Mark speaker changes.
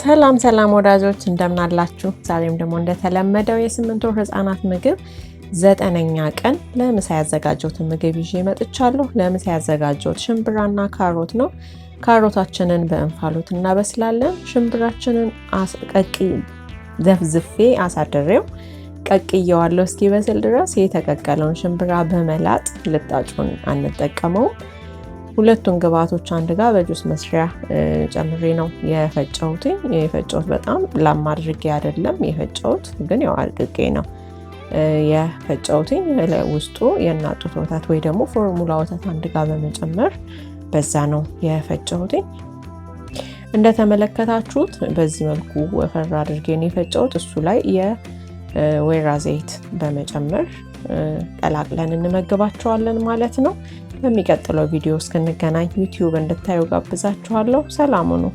Speaker 1: ሰላም ሰላም ወዳጆች እንደምናላችሁ። ዛሬም ደግሞ እንደተለመደው የስምንት ወር ህፃናት ምግብ ዘጠነኛ ቀን ለምሳ ያዘጋጀሁትን ምግብ ይዤ መጥቻለሁ። ለምሳ ያዘጋጀሁት ሽምብራና ካሮት ነው። ካሮታችንን በእንፋሎት እናበስላለን። ሽምብራችንን ቀቂ ዘፍዝፌ አሳድሬው ቀቅየዋለሁ እስኪበስል ድረስ። የተቀቀለውን ሽምብራ በመላጥ ልጣጩን አንጠቀመውም ሁለቱን ግብዓቶች አንድ ጋር በጁስ መስሪያ ጨምሬ ነው የፈጨሁት። የፈጨሁት በጣም ላም አድርጌ አይደለም የፈጨሁት፣ ግን ያው አድርጌ ነው የፈጨሁት። ውስጡ የእናት ጡት ወተት ወይ ደግሞ ፎርሙላ ወተት አንድ ጋር በመጨመር በዛ ነው የፈጨሁት። እንደተመለከታችሁት በዚህ መልኩ ወፈር አድርጌ ነው የፈጨሁት። እሱ ላይ የወይራ ዘይት በመጨመር ቀላቅለን እንመግባቸዋለን ማለት ነው። በሚቀጥለው ቪዲዮ እስክንገናኝ ዩቲዩብ እንድታዩ ጋብዛችኋለሁ። ሰላም ሁኑ።